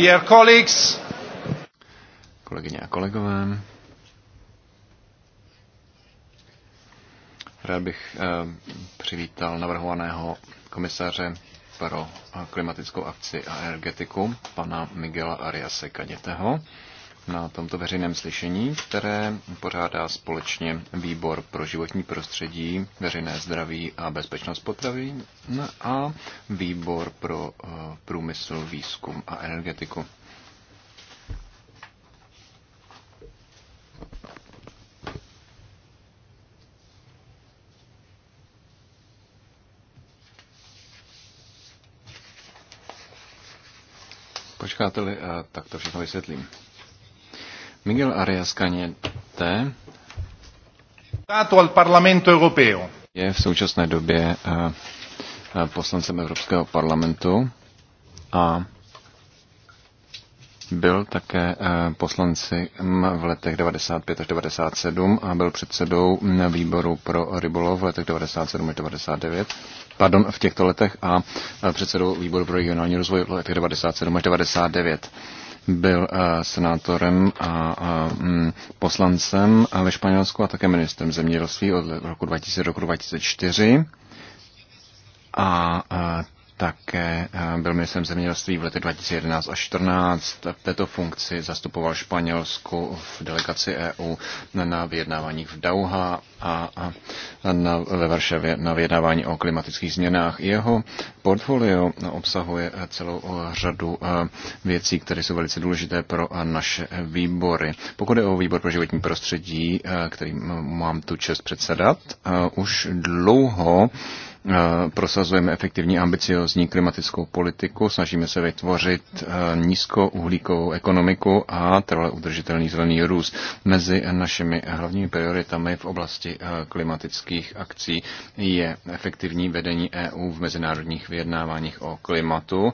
Dear colleagues. Kolegyně a kolegové. Rád bych eh, přivítal navrhovaného komisaře pro klimatickou akci a energetiku, pana Miguela Ariase Kaněteho na tomto veřejném slyšení, které pořádá společně Výbor pro životní prostředí, veřejné zdraví a bezpečnost potravy no a Výbor pro eh, průmysl, výzkum a energetiku. Počkáte-li, eh, tak to všechno vysvětlím. Miguel Arias Cañete je v současné době eh, eh, poslancem Evropského parlamentu a byl také eh, poslancem v letech 95 až 97 a byl předsedou mm, výboru pro rybolov v letech 97 až 99, pardon, v těchto letech a předsedou výboru pro regionální rozvoj v letech 97 až 99 byl eh, senátorem a mm, poslancem ve Španělsku a také ministrem zemědělství od roku 2000 do roku 2004. A eh, také eh, byl ministrem zemědělství v letech 2011 až 2014. V této funkci zastupoval Španělsku v delegaci EU na vyjednávání v Dauha a na, ve Varšavě na vyjednávání o klimatických změnách. Jeho portfolio obsahuje eh, celou eh, řadu věcí, které jsou velice důležité pro naše výbory. Pokud je o výbor pro životní prostředí, kterým mám tu čest předsedat, už dlouho Eh, prosazujeme efektivní ambiciozní klimatickou politiku, snažíme se vytvořit eh, nízkouhlíkovou ekonomiku a trvale udržitelný zelený růst. Mezi našimi hlavními prioritami v oblasti eh, klimatických akcí je efektivní vedení EU v mezinárodních vyjednáváních o klimatu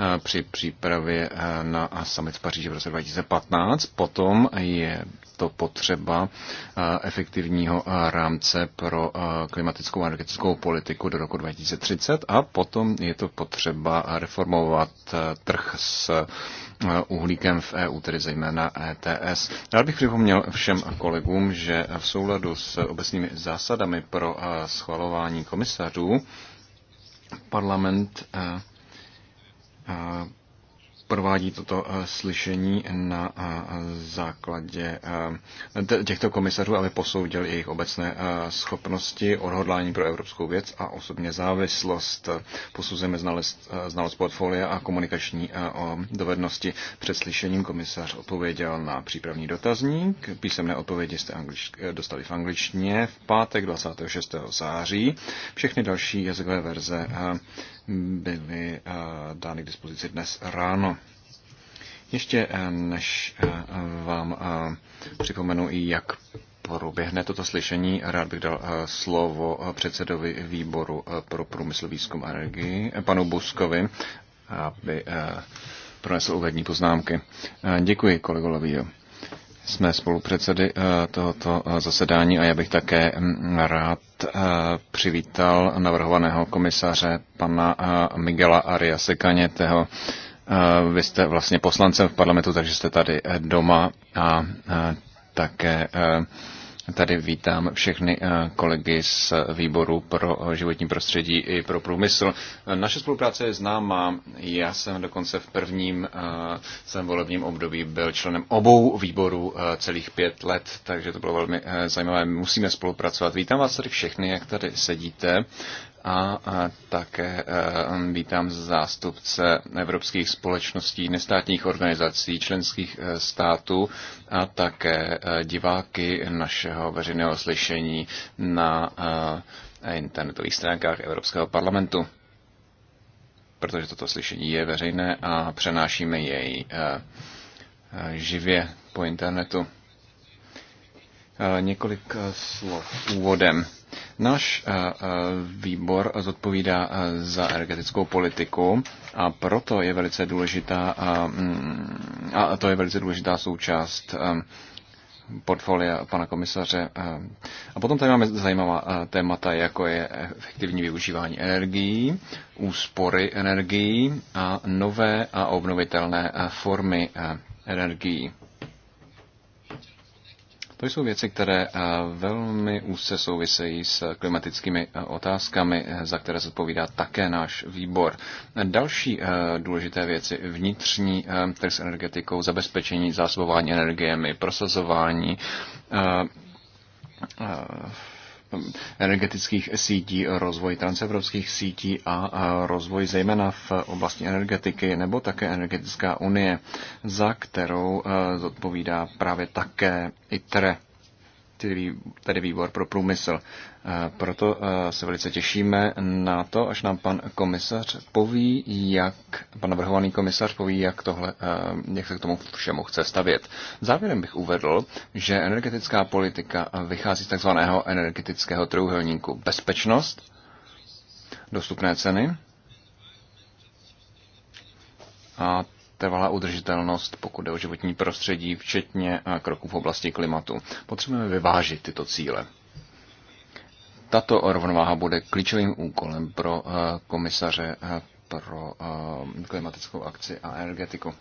Eh, při přípravě eh, na summit v Paříži v roce 2015. Potom je to potřeba eh, efektivního rámce pro klimatickou a energetickou politiku do roku 2030 a potom je to potřeba reformovat trh s uhlíkem v EU, tedy zejména ETS. Rád bych připomněl všem kolegům, že v souladu s obecnými zásadami pro schvalování komisařů parlament a provádí toto eh, slyšení na eh, základě eh, těchto komisařů, aby posoudil jejich obecné schopnosti, odhodlání pro evropskou věc a osobně závislost. Posuzujeme znalost, znalost portfolia a komunikační dovednosti. Před slyšením komisař odpověděl na přípravný dotazník. Písemné odpovědi jste anglič- dostali v angličtině v pátek 26. září. Všechny další jazykové verze byly dány k dispozici dnes ráno. Ještě eh, než eh, vám eh, připomenu, jak proběhne toto slyšení, rád bych dal slovo předsedovi výboru pro průmysl, výzkum a energii, panu Buskovi, aby pronesl úvodní poznámky. Děkuji, kolego Lavio. jsme spolupředsedy tohoto zasedání a já bych také mm, rád přivítal navrhovaného komisaře pana Miguela Ariase Kaněteho, Eh, vy jste vlastně poslancem v parlamentu, takže jste tady eh, doma a eh, také tady vítám všechny kolegy z výboru pro životní prostředí i pro průmysl. Naše spolupráce je známá. Já jsem dokonce v prvním svém volebním období byl členem obou výborů celých pět let, takže to bylo velmi zajímavé. Musíme spolupracovat. Vítám vás tady všechny, jak tady sedíte a také e, vítám zástupce evropských společností, nestátních organizací, členských e, států a také e, diváky našeho veřejného slyšení na internetových stránkách Evropského parlamentu. Protože toto slyšení je veřejné a přenášíme jej živě po internetu. Několik slov úvodem. Náš eh, eh, výbor zodpovídá eh, za energetickou politiku a proto je velice důležitá, mm, a to je velice důležitá součást portfolia pana komisaře. A potom tady máme zajímavá témata, jako je efektivní využívání energií, úspory energií a nové a obnovitelné formy energií. To jsou věci, které eh, velmi úzce souvisejí s klimatickými eh, otázkami, eh, za které zodpovídá také náš výbor. Další důležité věci, vnitřní trh s energetikou, zabezpečení zásobování energiemi, prosazování energetických sítí, rozvoj transevropských sítí a rozvoj zejména v oblasti energetiky nebo také energetická unie, za kterou eh, zodpovídá právě také ITRE který, tedy výbor pro průmysl. Eh, proto eh, se velice těšíme na to, až nám pan komisař poví, jak, pan navrhovaný komisař poví, jak, tohle, eh, jak se k tomu všemu chce stavět. Závěrem bych uvedl, že energetická politika vychází z takzvaného energetického trouhelníku. Bezpečnost, dostupné ceny a trvalá udržitelnost, pokud je o životní prostředí, včetně eh, kroků v oblasti klimatu. Potřebujeme vyvážit tyto cíle. Tato rovnováha bude klíčovým úkolem pro eh, komisaře eh, pro klimatickou akci a energetiku.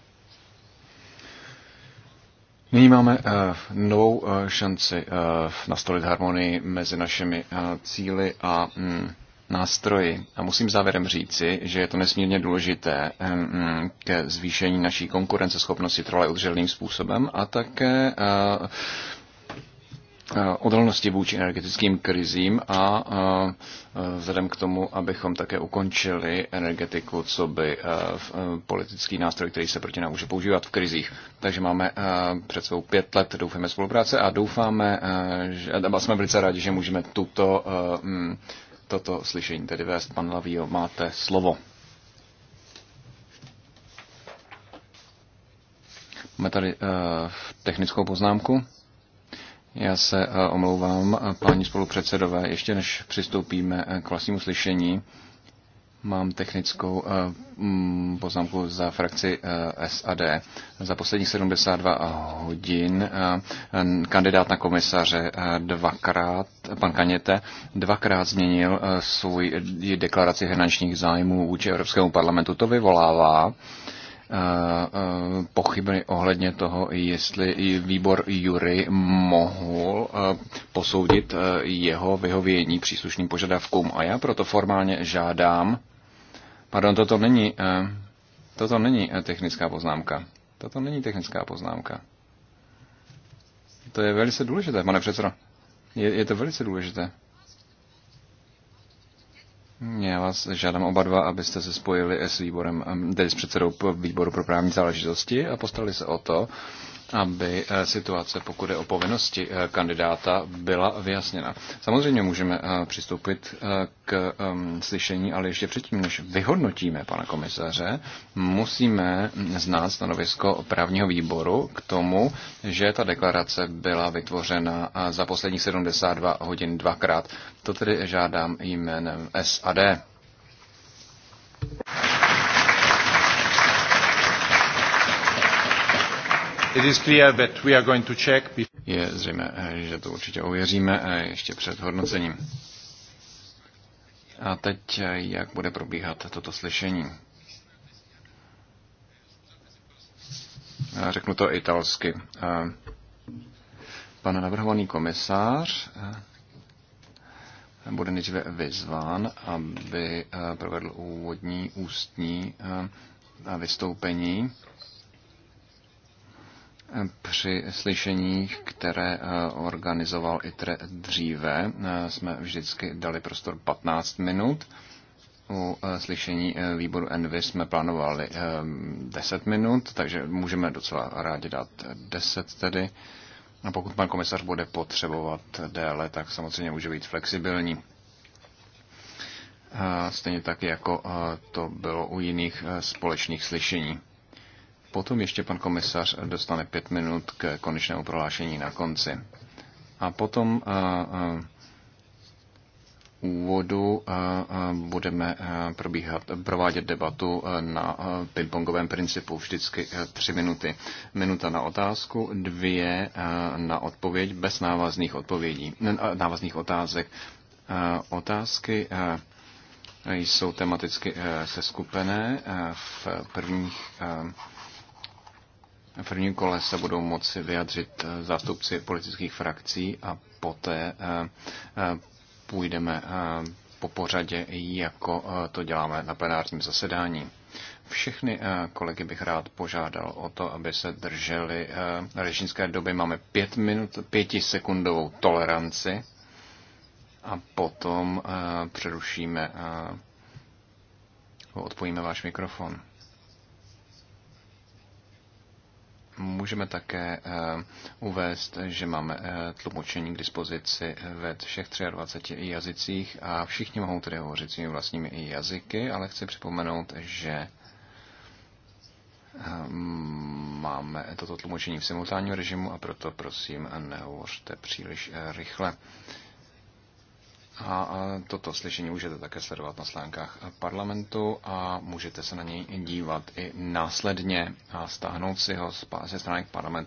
Nyní máme novou šanci nastolit harmonii mezi našimi cíly a mm, nástroji. A musím závěrem říci, že je to nesmírně důležité ehm, mm, ke zvýšení naší konkurenceschopnosti trole udržitelným způsobem a také eh, eh, odolnosti vůči energetickým krizím a eh, vzhledem k tomu, abychom také ukončili energetiku, co by politický nástroj, který se proti nám může používat v krizích. Takže máme před svou pět let, doufáme spolupráce a doufáme, že, a jsme velice rádi, že můžeme tuto mm, toto slyšení tedy vést. Pan Lavio, máte slovo. Máme tady uh, technickou poznámku. Já se uh, omlouvám, eh, páni spolupředsedové, ještě než přistoupíme k vlastnímu slyšení, Mám technickou eh, mm, poznámku za frakci eh, SAD. Za posledních 72 hodin eh, kandidát na komisaře dvakrát, pan Kaněte, dvakrát změnil svůj deklaraci finančních zájmů vůči Evropskému parlamentu. To vyvolává pochybny ohledně toho, jestli výbor Jury mohl posoudit jeho vyhovění příslušným požadavkům. A já proto formálně žádám Pardon, toto není, eh, toto není eh, technická poznámka. Toto není technická poznámka. To je velice důležité, pane předsedo. Je, je to velice důležité. Já vás žádám oba dva, abyste se spojili s výborem, eh, tedy s předsedou výboru pro právní záležitosti a postarali se o to, aby eh, situace, pokud je o povinnosti eh, kandidáta, byla vyjasněna. Samozřejmě můžeme eh, přistoupit k ehm, slyšení, ale ještě předtím, než vyhodnotíme pana komisaře, musíme znát stanovisko právního výboru k tomu, že ta deklarace byla vytvořena za posledních 72 hodin dvakrát. To tedy žádám jménem SAD. Je zřejmé, eh, že to určitě ověříme eh, ještě před hodnocením. A teď, eh, jak bude probíhat toto slyšení? Řeknu to italsky. Pan navrhovaný komisář bude nejdříve vyzván, aby provedl úvodní ústní vystoupení při slyšeních, které eh, organizoval ITRE dříve, eh, jsme vždycky dali prostor 15 minut. U eh, slyšení výboru Envy jsme plánovali 10 minut, takže můžeme docela rádi dát 10 tedy. A pokud pan komisař bude potřebovat déle, tak samozřejmě může být flexibilní. Stejně tak, jako to bylo u jiných společných slyšení potom ještě pan komisař dostane pět minut k konečnému prohlášení na konci. A potom a, eh, a, eh, úvodu a, eh, a budeme probíhat, provádět debatu na pingpongovém principu vždycky tři minuty. Minuta na otázku, dvě na odpověď bez návazných odpovědí, návazných otázek. Otázky jsou tematicky seskupené v prvních v prvním kole se budou moci vyjadřit eh, zástupci politických frakcí a poté eh, eh, půjdeme po pořadě, jako to děláme na plenárním zasedání. Všechny kolegy bych rád požádal o to, aby se drželi režimské doby. Máme pět minut, pětisekundovou toleranci a potom přerušíme, odpojíme váš mikrofon. Můžeme také eh, uvést, že máme eh, tlumočení k dispozici eh, ve všech 23 jazycích a všichni mohou tedy hovořit svými vlastními jazyky, ale chci připomenout, že máme toto tlumočení v simultánním režimu a proto prosím nehovořte příliš rychle. A toto slyšení můžete také sledovat na stránkách parlamentu a můžete se na něj dívat i následně a stáhnout si ho z stránek parlamentu.